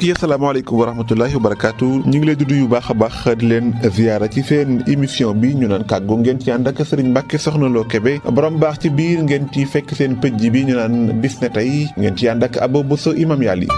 mbokk yi asalaamaaleykum wa rahmatullahi wa barakaatu ñu ngi leen di nuyu bu baax a baax di leen ziyaara ci seen émission bi ñu naan kàggu ngeen ci ànd ak sëriñ Mbàkke Soxna Lo Kebe boroom baax ci biir ngeen ci fekk seen pëj bi ñu naan bis ne tey ngeen ci ànd ak Abo Bousso imam Yali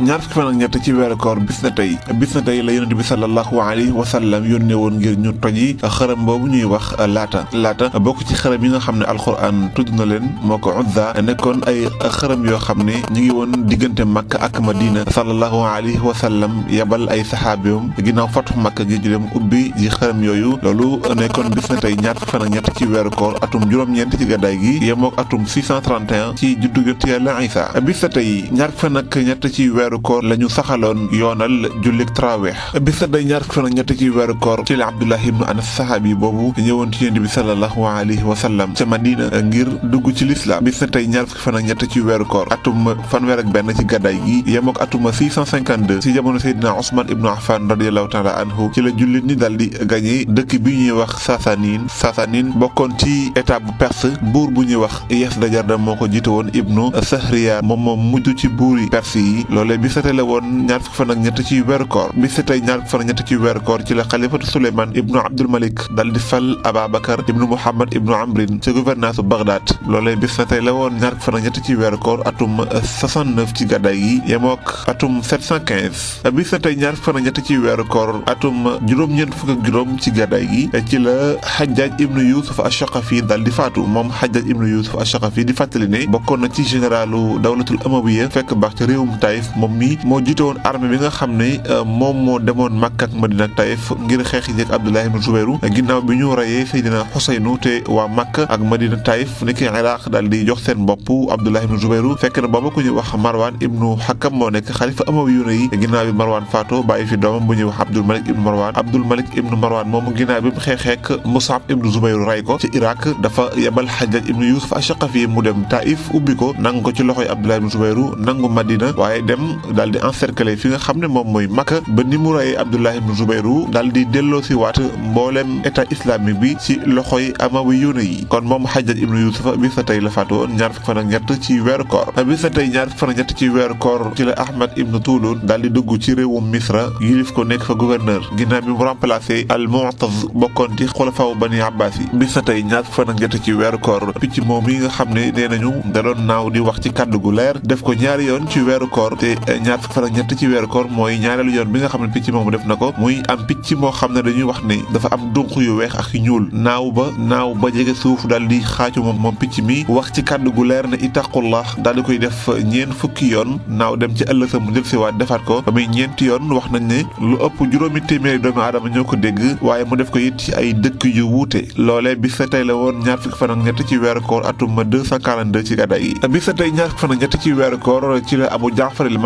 ñaar fukki fan ak ñett ci weeru koor bis na tey bis na tey la yonent bi sallallahu alayhi wa sallam yónnee woon ngir ñu toji xërëm boobu ñuy wax laata laata bokk ci xërëm yi nga xam ne alquran tudd na leen moo ko Uzza nekkoon ay xërëm yoo xam ne ñu ngi woon diggante Makka ak Madina sallallahu alayhi wa sallam yabal ay saxaabiyoom ginnaaw fatu Makka gi dem ubbi ji xërëm yooyu loolu nekkoon bis na tey ñaar fukki fan ci weeru koor atum juróom-ñeent ci gàddaay gi yemook atum 631 ci juddu yonent Yàlla Isa bis na tey ñaar fukki fan ñett ci weeru weeru koor lañu saxaloon yoonal jullik trawih bi sa day ñaar fan ñett ci weeru koor ci abdullah ibn anas sahabi bobu ñewon ci yent bi sallallahu alayhi wa sallam ci madina ngir dugg ci l'islam bi sa ñaar fan ak ñett ci weeru koor atum fanweer ak ben ci gaday gi yamok atum 652 ci jamono sayyidina usman ibn affan radiyallahu ta'ala anhu ci la jullit ni daldi gagné dëkk bi ñuy wax sasanin sasanin bokkon ci état bu perse bour bu ñuy wax yes da moko jitu won ibnu sahriya mom mom mujj ci yi perse yi lolé bi setale woon ñaar fukk fan ak ñett ci weeru koor bi setay ñaar fukk fan ak ñett ci weeru koor ci la xalifatu suleyman ibnu abdul malik dal di fal ababakar ibnu muhammad ibnu amrin ci gouvernance Baghdad. loolee bis na tey la woon ñaar fukk fan ak ñett ci weeru koor atum 69 ci gàddaay yi yemook atum 715 bis na tey ñaar fukk fan ak ñett ci weeru koor atum juróom ñeent fukk ak juróom ci gàddaay gi ci la xajjaaj ibnu yusuf ashaqafi dal di faatu moom xajjaaj ibnu yusuf ashaqafi di fàttali ne bokkoon na ci généralu dawlatul amawiya fekk baax ci réewum taif moom moom mi moo jiite woon armée bi nga xam ne euh, moom moo demoon Makka ak Madina ak Taïf ngir xeex yi ak Abdullah ibn Zubayr ginnaaw bi ñu rayee Seydina Xuseynu te waa Makka ak Madina Taïf nekk Iraq daal di jox seen bopp Abdullah ibn Zubayr fekk na booba ku ñuy wax Marwan ibnu Hakam moo nekk xalifa Amawiyuuna yi ginnaaw bi Marwan faatoo bàyyi fi doomam bu ñuy wax Abdul Malik ibnu Marwan Abdul Malik ibnu Marwan moomu ginnaaw bi mu xeexeek Musab ibnu Zubayr rey ko ci Iraq dafa yebal Hajjaj ibnu Yusuf Ashaqafi mu dem Taïf ubbi ko nang ko ci loxoy Abdullah ibn Zubayr nangu Madina waaye dem yi daal di encercler fi nga xam ne moom mooy Makka ba ni mu rayee Abdullah ibn Zubayru daal di delloo si waat mboolem état islamique bi ci loxoy Amawiyuuna yi kon moom Hajjaj ibn Yuusuf bi sa tey la faatu woon ñaar fukki fan ak ñett ci weeru koor sa tey ñaar fukki fan ci weeru koor ci la Ahmad ibn Tulun daal di dugg ci réewum Misra yilif ko nekk fa gouverneur ginnaaw bi mu remplacé al-Mu'taz bokkoon ci xulafaaw Bani Abbaas yi bi sa tey ñaar fukki fan ak ñett ci weeru koor picc moom yi nga xam ne nee da doon naaw di wax ci kàddu gu leer def ko ñaari yoon ci weeru koor ñaar fukki fan ak ñett ci weeru mooy ñaareelu yoon bi nga xam ne picc moomu def na ko muy am picc moo xam ne dañuy wax ni dafa am dunq yu weex ak ñuul naaw ba naaw ba jege suuf dal di xaacu moom moom picc mi wax ci kàddu gu leer ne itaqullah daal di koy def ñeen fukki yoon naaw dem ci ëllëg sa mu si siwaat defaat ko ba muy ñeenti yoon wax nañ ne lu ëpp juróomi téeméeri doomu aadama ñoo ko dégg waaye mu def ko it ci ay dëkk yu wuute loole bi sa tey la woon ñaar fukki ñett ci weeru koor atum 242 ci gàddaay yi bis sa tey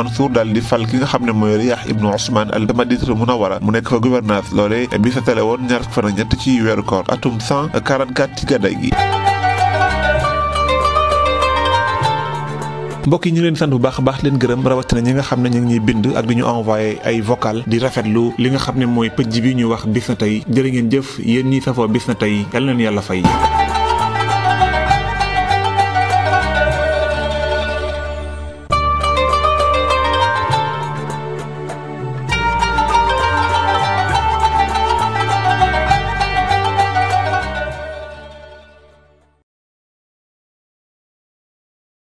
Mansour daal di fal ki nga xam ne mooy Riyah ibnu Ousmane al Madinatul Munawwara mu nekk fa gouverneur loolee bi fetale woon ñaar fan ak ñett ci weeru koor atum 144 ci gàddaay gi mbokk yi ñu leen sant bu baax baax leen gërëm rawatina ñi nga xam ne ñu ngi ñuy bind ak di ñu envoyé ay vocal di rafetlu li nga xam ne mooy pëj bi ñu wax bis na tey jërë ngeen jëf yéen ñi safoo bis na tey yal leen yàlla fay